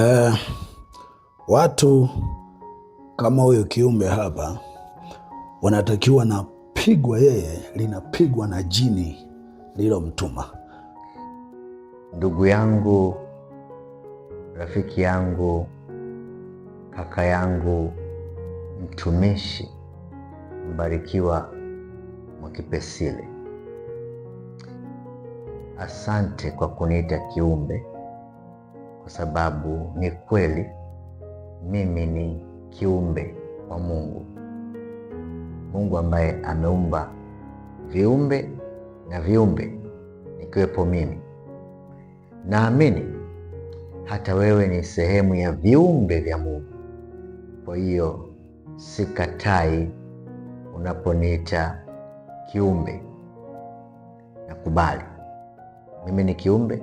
Uh, watu kama huyo kiumbe hapa wanatakiwa na pigwa, yeye linapigwa na jini lilomtuma. Ndugu yangu, rafiki yangu, kaka yangu, mtumishi Mbarikiwa Mwakipesile, asante kwa kuniita kiumbe kwa sababu ni kweli mimi ni kiumbe wa Mungu, Mungu ambaye ameumba viumbe na viumbe nikiwepo mimi. Naamini hata wewe ni sehemu ya viumbe vya Mungu. Kwa hiyo sikatai unaponiita kiumbe, nakubali mimi ni kiumbe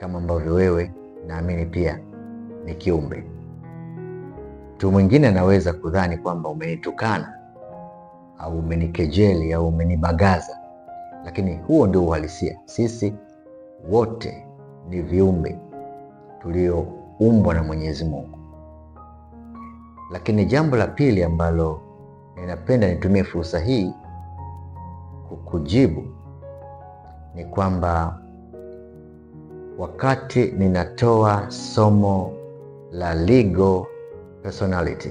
kama ambavyo wewe naamini pia ni kiumbe. Mtu mwingine anaweza kudhani kwamba umenitukana au umenikejeli au umenibagaza, lakini huo ndio uhalisia. Sisi wote ni viumbe tulioumbwa na Mwenyezi Mungu. Lakini jambo la pili ambalo ninapenda nitumie fursa hii kukujibu ni kwamba wakati ninatoa somo la legal personality.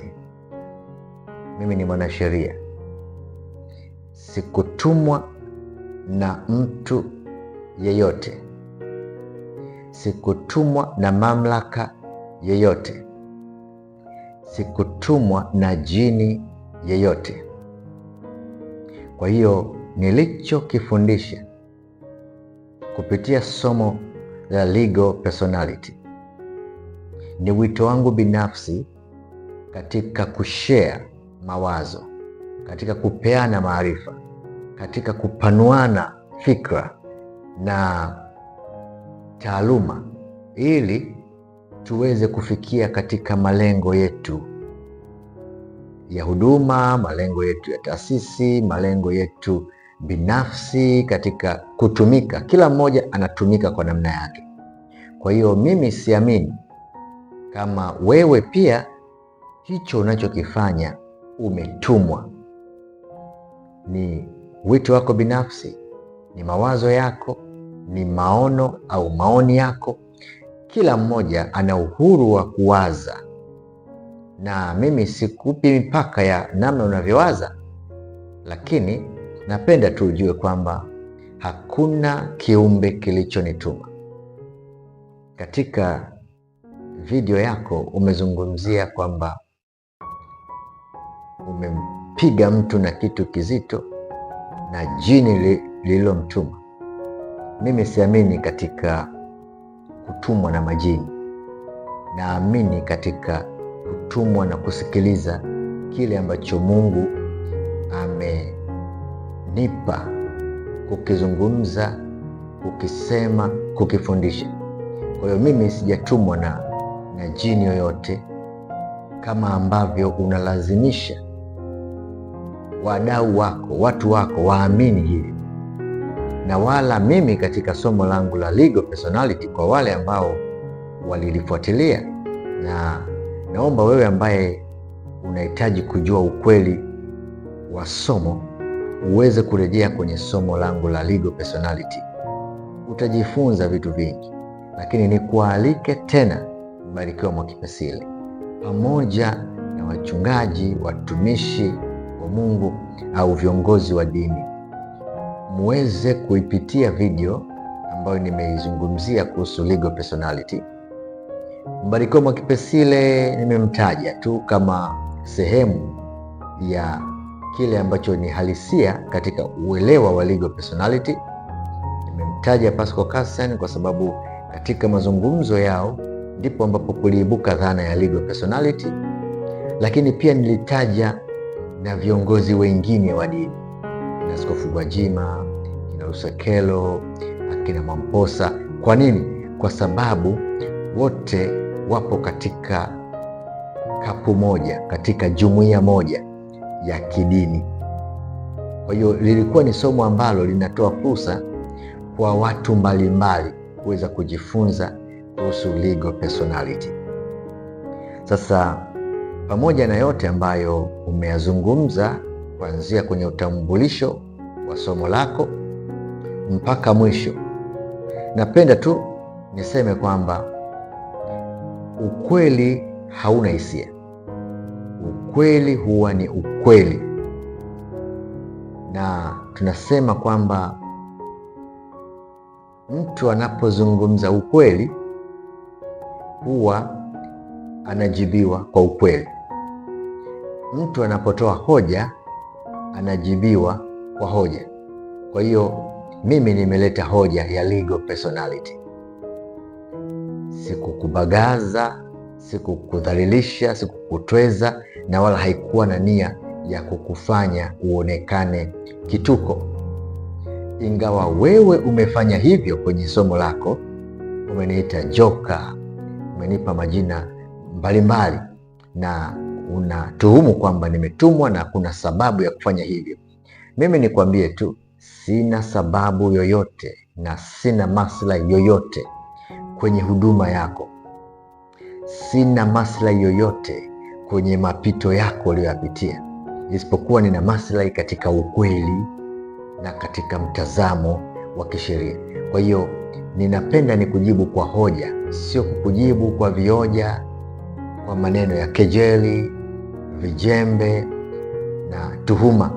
Mimi ni mwanasheria, sikutumwa na mtu yeyote, sikutumwa na mamlaka yeyote, sikutumwa na jini yeyote. Kwa hiyo nilichokifundisha kupitia somo la legal personality. Ni wito wangu binafsi katika kushare mawazo, katika kupeana maarifa, katika kupanuana fikra na taaluma ili tuweze kufikia katika malengo yetu ya huduma, malengo yetu ya taasisi, malengo yetu binafsi katika kutumika. Kila mmoja anatumika kwa namna yake. Kwa hiyo mimi siamini kama wewe pia hicho unachokifanya umetumwa. Ni wito wako binafsi, ni mawazo yako, ni maono au maoni yako. Kila mmoja ana uhuru wa kuwaza, na mimi sikupi mipaka ya namna unavyowaza, lakini napenda tu ujue kwamba hakuna kiumbe kilichonituma. Katika video yako umezungumzia kwamba umempiga mtu na kitu kizito na jini lililomtuma. Mimi siamini katika kutumwa na majini, naamini katika kutumwa na kusikiliza kile ambacho Mungu ame nipa, kukizungumza, kukisema, kukifundisha. Kwa hiyo mimi sijatumwa na, na jini yoyote, kama ambavyo unalazimisha wadau wako, watu wako waamini hili, na wala mimi katika somo langu la legal personality, kwa wale ambao walilifuatilia, na naomba wewe ambaye unahitaji kujua ukweli wa somo uweze kurejea kwenye somo langu la Legal Personality. Utajifunza vitu vingi, lakini nikualike tena Mbarikiwa mwakipesile pamoja na wachungaji, watumishi wa Mungu au viongozi wa dini muweze kuipitia video ambayo nimeizungumzia kuhusu Legal Personality. Mbarikiwa Mwakipesile nimemtaja tu kama sehemu ya kile ambacho ni halisia katika uelewa wa legal personality. Nimemtaja Pascal Cassen kwa sababu katika mazungumzo yao ndipo ambapo kuliibuka dhana ya legal personality, lakini pia nilitaja na viongozi wengine wa dini na Askofu Gwajima, kina Lusekelo, akina Mwamposa. Kwa nini? Kwa sababu wote wapo katika kapu moja, katika jumuiya moja ya kidini. Kwa hiyo lilikuwa ni somo ambalo linatoa fursa kwa watu mbalimbali kuweza kujifunza kuhusu legal personality. Sasa pamoja na yote ambayo umeyazungumza kuanzia kwenye utambulisho wa somo lako mpaka mwisho, napenda tu niseme kwamba ukweli hauna hisia ukweli huwa ni ukweli, na tunasema kwamba mtu anapozungumza ukweli huwa anajibiwa kwa ukweli. Mtu anapotoa hoja anajibiwa kwa hoja. Kwa hiyo mimi nimeleta hoja ya legal personality. Sikukubagaza, sikukudhalilisha, sikukutweza, na wala haikuwa na nia ya kukufanya uonekane kituko. Ingawa wewe umefanya hivyo kwenye somo lako, umeniita joka, umenipa majina mbalimbali na unatuhumu kwamba nimetumwa na kuna sababu ya kufanya hivyo. Mimi nikwambie tu, sina sababu yoyote na sina maslahi yoyote kwenye huduma yako, sina maslahi yoyote kwenye mapito yako uliyoyapitia, isipokuwa nina maslahi katika ukweli na katika mtazamo wa kisheria. Kwa hiyo ninapenda ni kujibu kwa hoja, sio kujibu kwa vioja, kwa maneno ya kejeli, vijembe na tuhuma.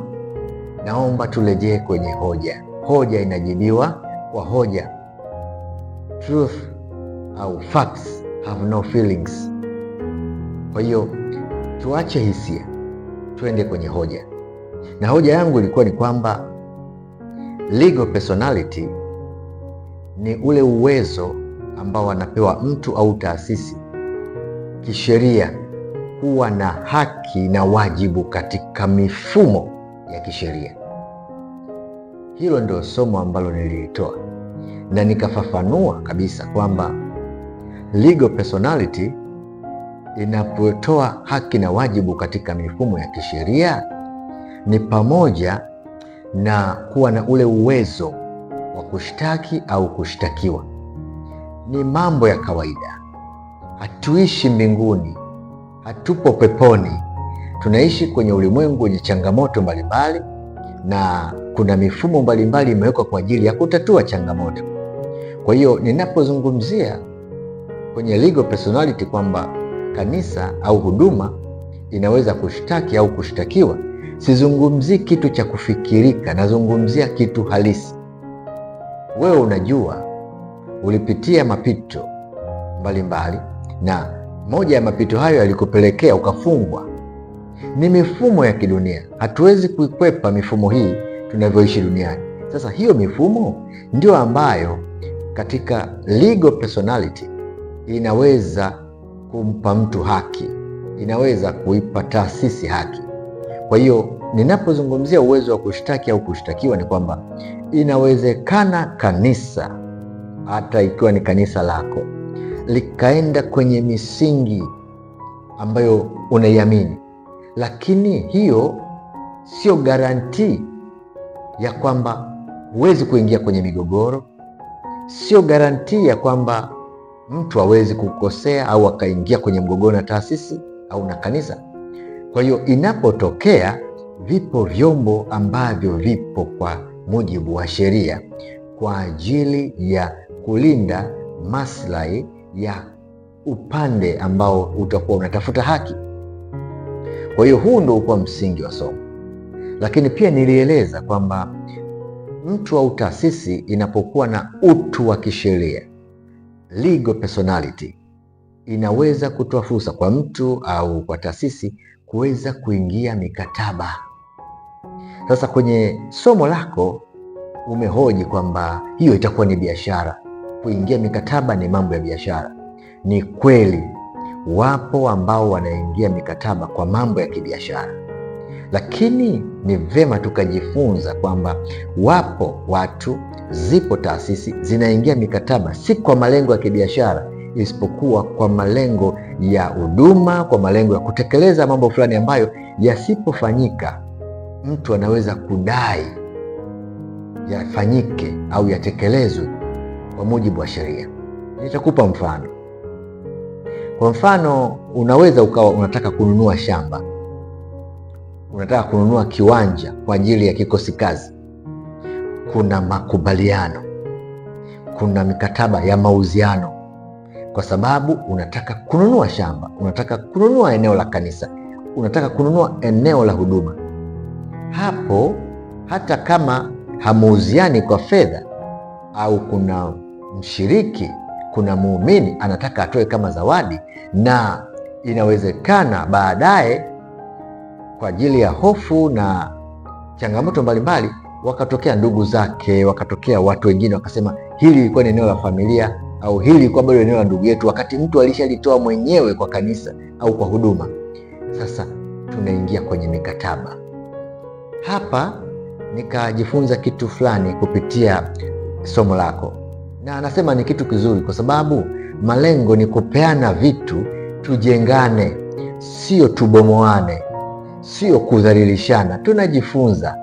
Naomba turejee kwenye hoja. Hoja inajibiwa kwa hoja. Truth au facts have no feelings. Kwa hiyo tuache hisia, tuende kwenye hoja, na hoja yangu ilikuwa ni kwamba legal personality ni ule uwezo ambao anapewa mtu au taasisi kisheria kuwa na haki na wajibu katika mifumo ya kisheria. Hilo ndio somo ambalo nililitoa na nikafafanua kabisa kwamba legal personality inapotoa haki na wajibu katika mifumo ya kisheria ni pamoja na kuwa na ule uwezo wa kushtaki au kushtakiwa. Ni mambo ya kawaida, hatuishi mbinguni, hatupo peponi, tunaishi kwenye ulimwengu wenye changamoto mbalimbali, na kuna mifumo mbalimbali imewekwa kwa ajili ya kutatua changamoto. Kwa hiyo ninapozungumzia kwenye legal personality kwamba kanisa au huduma inaweza kushtaki au kushtakiwa, sizungumzii kitu cha kufikirika, nazungumzia kitu halisi. Wewe unajua ulipitia mapito mbalimbali mbali, na moja ya mapito hayo yalikupelekea ukafungwa. Ni mifumo ya kidunia, hatuwezi kuikwepa mifumo hii tunavyoishi duniani. Sasa hiyo mifumo ndio ambayo katika legal personality inaweza kumpa mtu haki, inaweza kuipa taasisi haki. Kwa hiyo ninapozungumzia uwezo wa kushtaki au kushtakiwa, ni kwamba inawezekana kanisa, hata ikiwa ni kanisa lako, likaenda kwenye misingi ambayo unaiamini, lakini hiyo sio garanti ya kwamba huwezi kuingia kwenye migogoro, sio garantii ya kwamba mtu awezi kukosea au akaingia kwenye mgogoro na taasisi au na kanisa. Kwa hiyo inapotokea, vipo vyombo ambavyo vipo kwa mujibu wa sheria kwa ajili ya kulinda maslahi ya upande ambao utakuwa unatafuta haki. Kwa hiyo huu ndo ukuwa msingi wa somo, lakini pia nilieleza kwamba mtu au taasisi inapokuwa na utu wa kisheria legal personality inaweza kutoa fursa kwa mtu au kwa taasisi kuweza kuingia mikataba. Sasa kwenye somo lako umehoji kwamba hiyo itakuwa ni biashara, kuingia mikataba ni mambo ya biashara. Ni kweli, wapo ambao wanaingia mikataba kwa mambo ya kibiashara lakini ni vema tukajifunza kwamba wapo watu, zipo taasisi zinaingia mikataba si kwa malengo ya kibiashara, isipokuwa kwa malengo ya huduma, kwa malengo ya kutekeleza mambo fulani ambayo yasipofanyika mtu anaweza kudai yafanyike au yatekelezwe kwa mujibu wa sheria. Nitakupa mfano. Kwa mfano, unaweza ukawa unataka kununua shamba unataka kununua kiwanja kwa ajili ya kikosi kazi, kuna makubaliano, kuna mikataba ya mauziano, kwa sababu unataka kununua shamba, unataka kununua eneo la kanisa, unataka kununua eneo la huduma. Hapo hata kama hamuuziani kwa fedha au kuna mshiriki, kuna muumini anataka atoe kama zawadi, na inawezekana baadaye kwa ajili ya hofu na changamoto mbalimbali, wakatokea ndugu zake, wakatokea watu wengine, wakasema hili ilikuwa ni eneo la familia au hili lilikuwa bado eneo la ndugu yetu, wakati mtu alishalitoa mwenyewe kwa kanisa au kwa huduma. Sasa tunaingia kwenye mikataba. Hapa nikajifunza kitu fulani kupitia somo lako, na anasema ni kitu kizuri, kwa sababu malengo ni kupeana vitu, tujengane, sio tubomoane sio kudhalilishana, tunajifunza.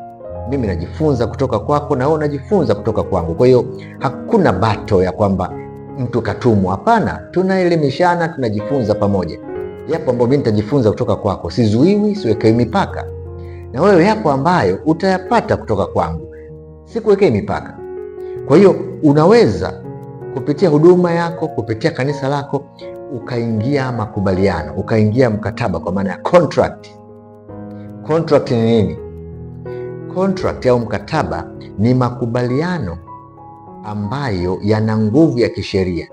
Mimi najifunza kutoka kwako na wewe unajifunza kutoka kwangu. Kwa hiyo hakuna bato ya kwamba mtu katumwa, hapana. Tunaelimishana, tunajifunza pamoja. Yapo ambayo mimi nitajifunza kutoka kwako, sizuiwi, siwekewi mipaka, na wewe yapo ambayo utayapata kutoka kwangu, sikuwekei mipaka. Kwa hiyo unaweza kupitia huduma yako, kupitia kanisa lako, ukaingia makubaliano, ukaingia mkataba, kwa maana ya contract Contract ni nini? Contract au mkataba ni makubaliano ambayo yana nguvu ya kisheria,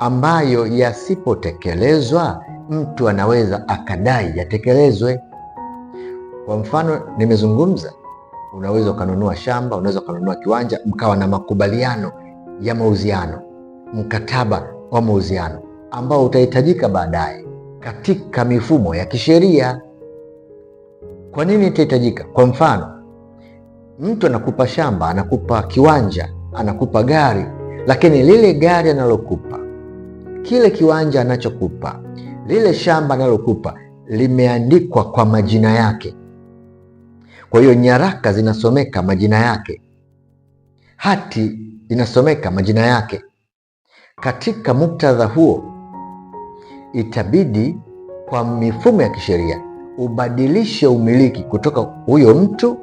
ambayo yasipotekelezwa mtu anaweza akadai yatekelezwe. Kwa mfano, nimezungumza, unaweza ukanunua shamba, unaweza ukanunua kiwanja, mkawa na makubaliano ya mauziano, mkataba wa mauziano ambao utahitajika baadaye katika mifumo ya kisheria. Kwa nini itahitajika? Kwa mfano, mtu anakupa shamba, anakupa kiwanja, anakupa gari, lakini lile gari analokupa, kile kiwanja anachokupa, lile shamba analokupa limeandikwa kwa majina yake. Kwa hiyo nyaraka zinasomeka majina yake, hati inasomeka majina yake. Katika muktadha huo, itabidi kwa mifumo ya kisheria ubadilishe umiliki kutoka huyo mtu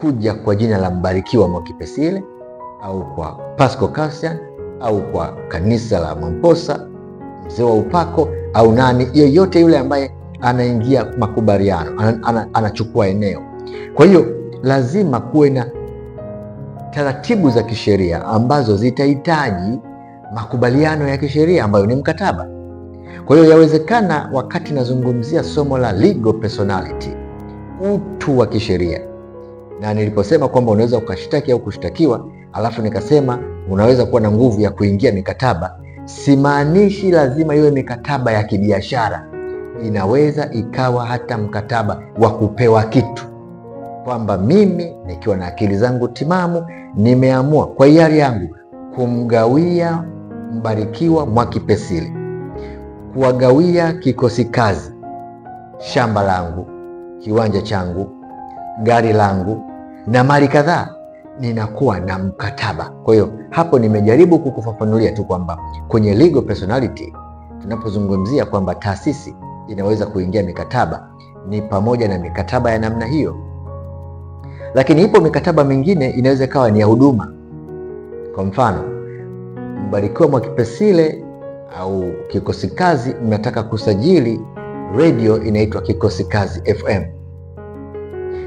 kuja kwa jina la Mbarikiwa Mwakipesile au kwa Pasco Cassian au kwa kanisa la Mamposa, mzee wa upako au nani yeyote yule ambaye anaingia makubaliano anachukua eneo. Kwa hiyo lazima kuwe na taratibu za kisheria ambazo zitahitaji makubaliano ya kisheria ambayo ni mkataba. Kwa hiyo yawezekana, wakati nazungumzia somo la legal personality, utu wa kisheria, na niliposema kwamba unaweza ukashtaki au kushtakiwa, alafu nikasema unaweza kuwa na nguvu ya kuingia mikataba, simaanishi lazima iwe mikataba ya kibiashara. Inaweza ikawa hata mkataba wa kupewa kitu, kwamba mimi nikiwa na akili zangu timamu nimeamua kwa hiari yangu kumgawia Mbarikiwa Mwakipesile kuwagawia kikosi kazi shamba langu, kiwanja changu, gari langu na mali kadhaa, ninakuwa na mkataba. Kwa hiyo hapo nimejaribu kukufafanulia tu kwamba kwenye legal personality tunapozungumzia kwamba taasisi inaweza kuingia mikataba, ni pamoja na mikataba ya namna hiyo, lakini ipo mikataba mingine inaweza ikawa ni ya huduma. Kwa mfano, Mbarikiwa Mwakipesile au kikosi kazi mnataka kusajili redio inaitwa Kikosi Kazi FM,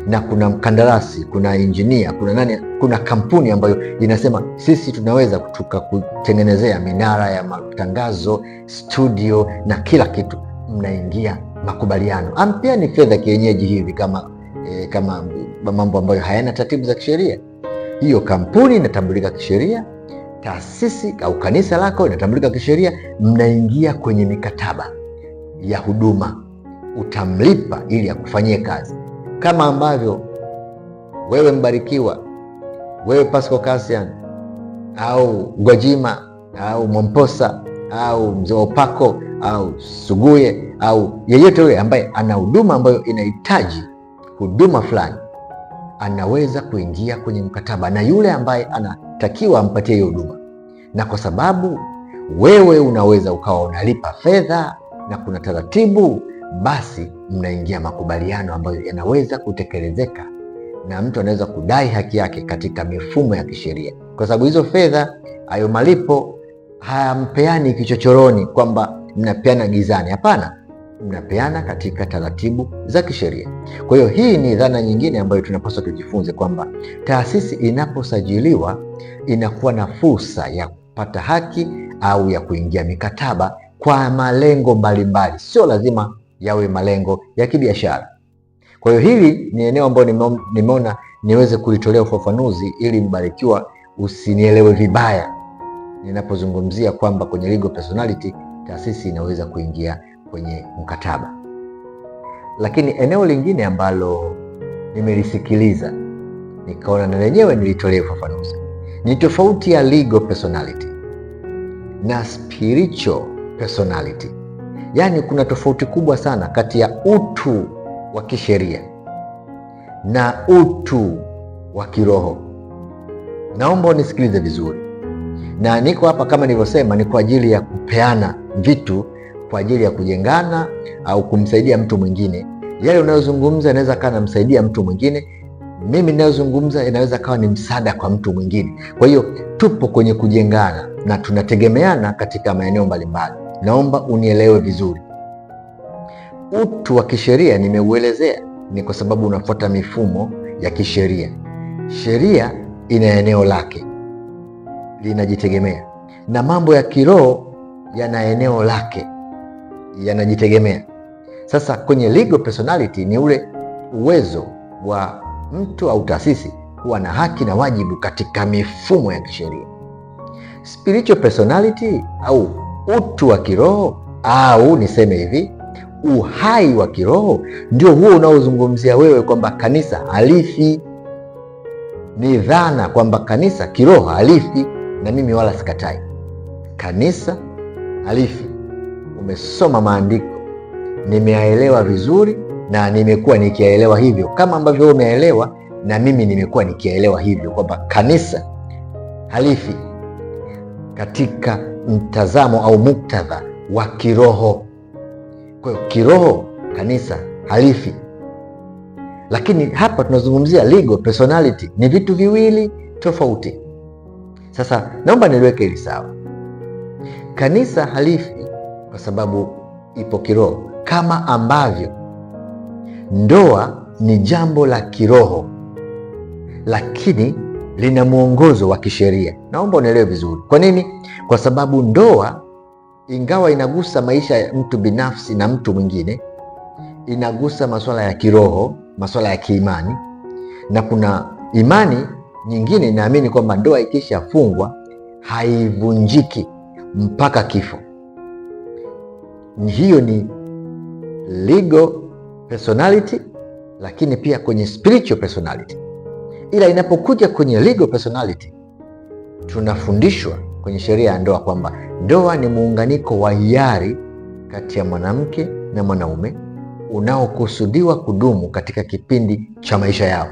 na kuna mkandarasi, kuna injinia, kuna nani, kuna kampuni ambayo inasema sisi tunaweza tukakutengenezea minara ya matangazo, studio na kila kitu, mnaingia makubaliano, ampia ni fedha kienyeji hivi kama e, kama mambo ambayo hayana taratibu za kisheria. Hiyo kampuni inatambulika kisheria taasisi au kanisa lako linatambulika kisheria, mnaingia kwenye mikataba ya huduma, utamlipa ili akufanyie kazi, kama ambavyo wewe Mbarikiwa, wewe Pasco Kasian au Gwajima au Momposa au Mzee upako au Suguye au yeyote yule ambaye ana huduma ambayo inahitaji huduma fulani anaweza kuingia kwenye mkataba na yule ambaye ana anatakiwa ampatie hiyo huduma, na kwa sababu wewe unaweza ukawa unalipa fedha na kuna taratibu, basi mnaingia makubaliano ambayo yanaweza kutekelezeka na mtu anaweza kudai haki yake katika mifumo ya kisheria, kwa sababu hizo fedha, hayo malipo hayampeani kichochoroni kwamba mnapeana gizani. Hapana, mnapeana katika taratibu za kisheria. Kwa hiyo hii ni dhana nyingine ambayo tunapaswa tujifunze kwamba taasisi inaposajiliwa inakuwa na fursa ya kupata haki au ya kuingia mikataba kwa malengo mbalimbali, sio lazima yawe malengo ya kibiashara. Kwa hiyo hili ni eneo ambalo nimeona niweze kulitolea ufafanuzi ili Mbarikiwa usinielewe vibaya ninapozungumzia kwamba kwenye legal personality taasisi inaweza kuingia kwenye mkataba. Lakini eneo lingine ambalo nimelisikiliza nikaona na lenyewe nilitolea ufafanuzi ni tofauti ya legal personality na spiritual personality. Yaani kuna tofauti kubwa sana kati ya utu wa kisheria na utu wa kiroho. Naomba unisikilize vizuri, na niko hapa kama nilivyosema, ni kwa ajili ya kupeana vitu kwa ajili ya kujengana au kumsaidia mtu mwingine. Yale unayozungumza inaweza kawa namsaidia mtu mwingine, mimi inayozungumza inaweza kawa ni msaada kwa mtu mwingine. Kwa hiyo tupo kwenye kujengana na tunategemeana katika maeneo mbalimbali. Naomba unielewe vizuri. Utu wa kisheria nimeuelezea, ni kwa sababu unafuata mifumo ya kisheria. Sheria ina eneo lake linajitegemea, na mambo ya kiroho yana eneo lake yanajitegemea. Sasa kwenye legal personality ni ule uwezo wa mtu au taasisi kuwa na haki na wajibu katika mifumo ya kisheria. Spiritual personality au utu wa kiroho au niseme hivi uhai wa kiroho ndio huo unaozungumzia wewe kwamba kanisa halifi. Ni dhana kwamba kanisa kiroho halifi, na mimi wala sikatai kanisa halifi, umesoma maandiko, nimeyaelewa vizuri na nimekuwa nikiyaelewa hivyo, kama ambavyo umeelewa, na mimi nimekuwa nikiyaelewa hivyo, kwamba kanisa halifi katika mtazamo au muktadha wa kiroho. Kwa hiyo kiroho kanisa halifi, lakini hapa tunazungumzia legal personality, ni vitu viwili tofauti. Sasa naomba niliweke hili sawa. Kanisa halifi kwa sababu ipo kiroho, kama ambavyo ndoa ni jambo la kiroho, lakini lina mwongozo wa kisheria. Naomba unielewe vizuri. Kwa nini? Kwa sababu ndoa ingawa inagusa maisha ya mtu binafsi na mtu mwingine, inagusa masuala ya kiroho, masuala ya kiimani, na kuna imani nyingine inaamini kwamba ndoa ikishafungwa haivunjiki mpaka kifo hiyo ni legal personality, lakini pia kwenye spiritual personality. Ila inapokuja kwenye legal personality, tunafundishwa kwenye sheria ya ndoa kwamba ndoa ni muunganiko wa hiari kati ya mwanamke na mwanaume unaokusudiwa kudumu katika kipindi cha maisha yao.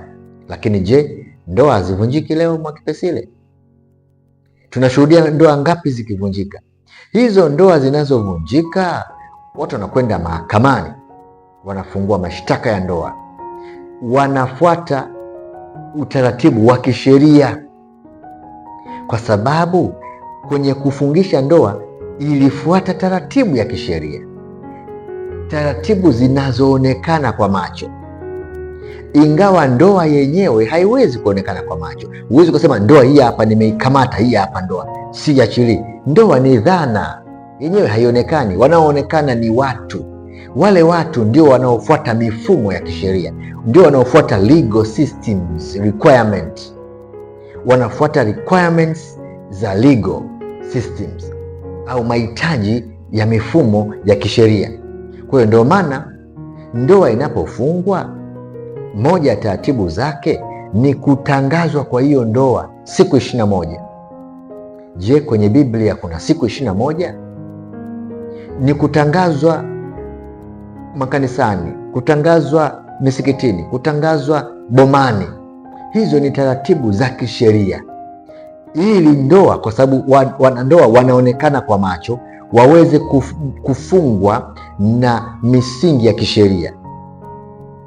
Lakini je, ndoa hazivunjiki leo? Mwakipesile, tunashuhudia ndoa ngapi zikivunjika? Hizo ndoa zinazovunjika, watu wanakwenda mahakamani, wanafungua mashtaka ya ndoa, wanafuata utaratibu wa kisheria, kwa sababu kwenye kufungisha ndoa ilifuata taratibu ya kisheria, taratibu zinazoonekana kwa macho ingawa ndoa yenyewe haiwezi kuonekana kwa macho. Huwezi kusema ndoa hii hapa nimeikamata, hii hapa ndoa si jachili. Ndoa ni dhana yenyewe, haionekani. Wanaoonekana ni watu, wale watu ndio wanaofuata mifumo ya kisheria, ndio wanaofuata legal systems requirement, wanafuata requirements za legal systems au mahitaji ya mifumo ya kisheria. Kwa hiyo ndio maana ndoa inapofungwa, moja ya taratibu zake ni kutangazwa kwa hiyo ndoa siku ishirini na moja. Je, kwenye Biblia kuna siku ishirini na moja? Ni kutangazwa makanisani, kutangazwa misikitini, kutangazwa bomani. Hizo ni taratibu za kisheria ili ndoa, kwa sababu wanandoa wanaonekana kwa macho, waweze kufungwa na misingi ya kisheria.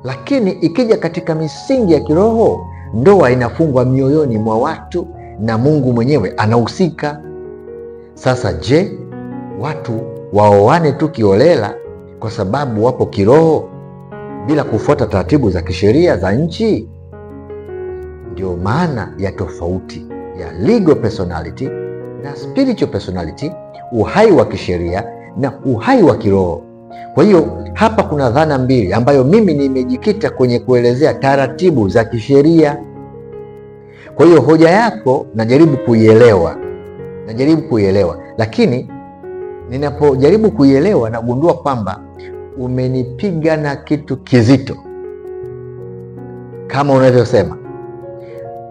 Lakini ikija katika misingi ya kiroho, ndoa inafungwa mioyoni mwa watu na Mungu mwenyewe anahusika. Sasa je, watu waoane tu kiolela kwa sababu wapo kiroho bila kufuata taratibu za kisheria za nchi? Ndio maana ya tofauti ya legal personality na spiritual personality, uhai wa kisheria na uhai wa kiroho. Kwa hiyo hapa kuna dhana mbili ambayo mimi nimejikita kwenye kuelezea taratibu za kisheria. Kwa hiyo hoja yako najaribu kuielewa, najaribu kuielewa, lakini ninapojaribu kuielewa nagundua kwamba umenipiga na kitu kizito kama unavyosema,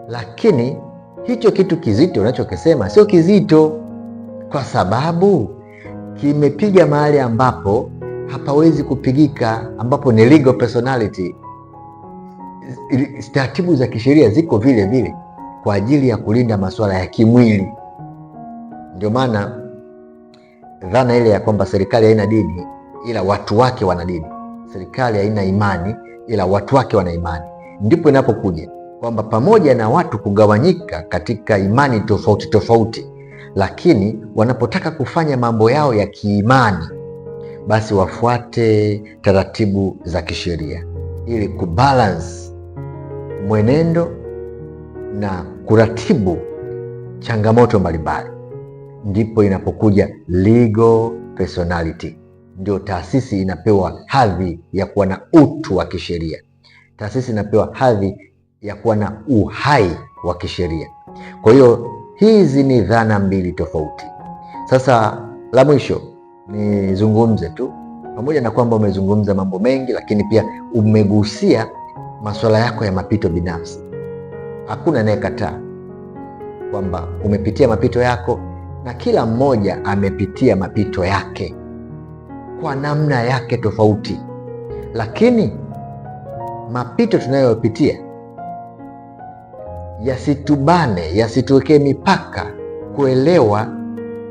lakini hicho kitu kizito unachokisema sio kizito, kwa sababu kimepiga mahali ambapo hapawezi kupigika, ambapo ni legal personality. Taratibu za kisheria ziko vile vile kwa ajili ya kulinda masuala ya kimwili. Ndio maana dhana ile ya kwamba serikali haina dini ila watu wake wana dini, serikali haina imani ila watu wake wana imani, ndipo inapokuja kwamba pamoja na watu kugawanyika katika imani tofauti tofauti, lakini wanapotaka kufanya mambo yao ya kiimani, basi wafuate taratibu za kisheria ili kubalance mwenendo na kuratibu changamoto mbalimbali, ndipo inapokuja legal personality. Ndio taasisi inapewa hadhi ya kuwa na utu wa kisheria, taasisi inapewa hadhi ya kuwa na uhai wa kisheria. Kwa hiyo hizi ni dhana mbili tofauti. Sasa la mwisho nizungumze tu, pamoja na kwamba umezungumza mambo mengi, lakini pia umegusia masuala yako ya mapito binafsi hakuna anayekataa kwamba umepitia mapito yako, na kila mmoja amepitia mapito yake kwa namna yake tofauti, lakini mapito tunayopitia yasitubane, yasituwekee mipaka kuelewa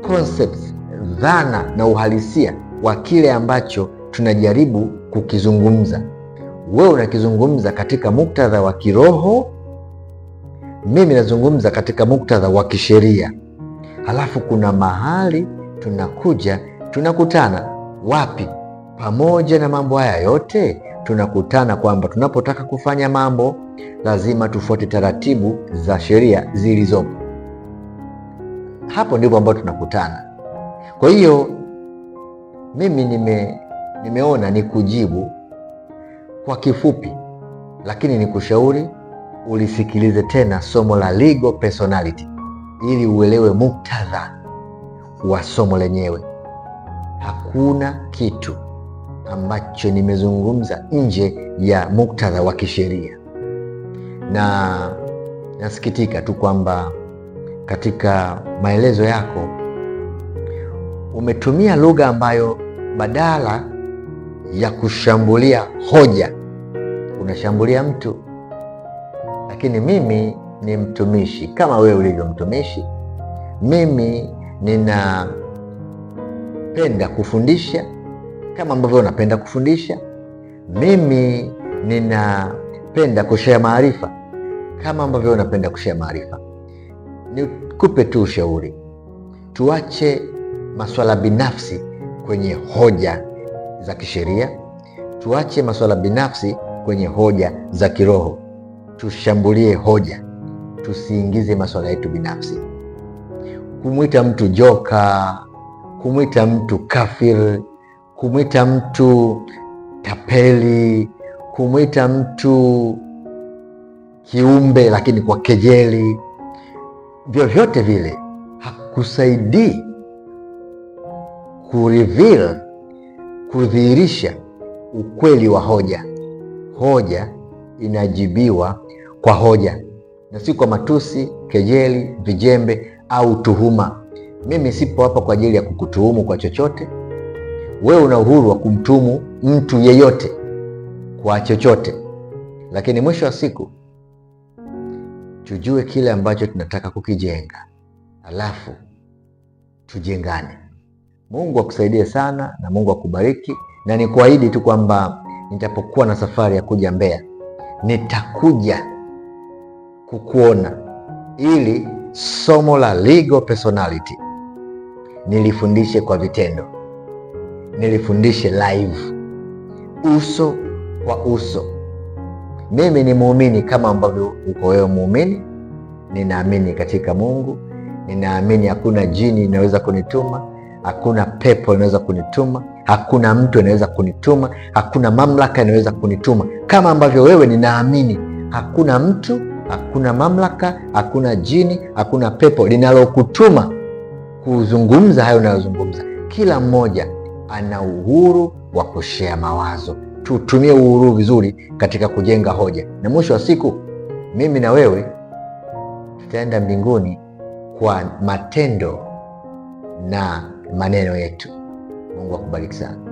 concepts, dhana na uhalisia wa kile ambacho tunajaribu kukizungumza. Wewe unakizungumza katika muktadha wa kiroho mimi nazungumza katika muktadha wa kisheria, halafu kuna mahali tunakuja tunakutana wapi? Pamoja na mambo haya yote tunakutana kwamba tunapotaka kufanya mambo lazima tufuate taratibu za sheria zilizopo. Hapo ndipo ambapo tunakutana. Kwa hiyo mimi nime, nimeona ni kujibu kwa kifupi, lakini ni kushauri ulisikilize tena somo la legal personality ili uelewe muktadha wa somo lenyewe. Hakuna kitu ambacho nimezungumza nje ya muktadha wa kisheria, na nasikitika tu kwamba katika maelezo yako umetumia lugha ambayo badala ya kushambulia hoja unashambulia mtu lakini mimi ni mtumishi kama wewe ulivyo mtumishi. Mimi ninapenda kufundisha kama ambavyo unapenda kufundisha. Mimi ninapenda kushea maarifa kama ambavyo unapenda kushea maarifa. Nikupe tu ushauri, tuache masuala binafsi kwenye hoja za kisheria, tuache masuala binafsi kwenye hoja za kiroho tushambulie hoja, tusiingize masuala yetu binafsi. Kumwita mtu joka, kumwita mtu kafir, kumwita mtu tapeli, kumwita mtu kiumbe, lakini kwa kejeli, vyovyote vile hakusaidii kureveal, kudhihirisha ukweli wa hoja. Hoja inajibiwa kwa hoja na si kwa matusi kejeli vijembe au tuhuma mimi sipo hapa kwa ajili ya kukutuhumu kwa chochote wewe una uhuru wa kumtuhumu mtu yeyote kwa chochote lakini mwisho wa siku tujue kile ambacho tunataka kukijenga alafu tujengane mungu akusaidie sana na mungu akubariki na nikuahidi tu kwamba nitapokuwa na safari ya kuja mbea nitakuja kukuona ili somo la legal personality nilifundishe kwa vitendo, nilifundishe live, uso kwa uso. Mimi ni muumini kama ambavyo uko wewe muumini. Ninaamini katika Mungu, ninaamini hakuna jini inaweza kunituma, hakuna pepo inaweza kunituma Hakuna mtu anaweza kunituma, hakuna mamlaka inaweza kunituma, kama ambavyo wewe ninaamini hakuna mtu, hakuna mamlaka, hakuna jini, hakuna pepo linalokutuma kuzungumza hayo unayozungumza. Kila mmoja ana uhuru wa kushea mawazo. Tutumie uhuru vizuri katika kujenga hoja, na mwisho wa siku mimi na wewe tutaenda mbinguni kwa matendo na maneno yetu. mong wakbalik sa akin.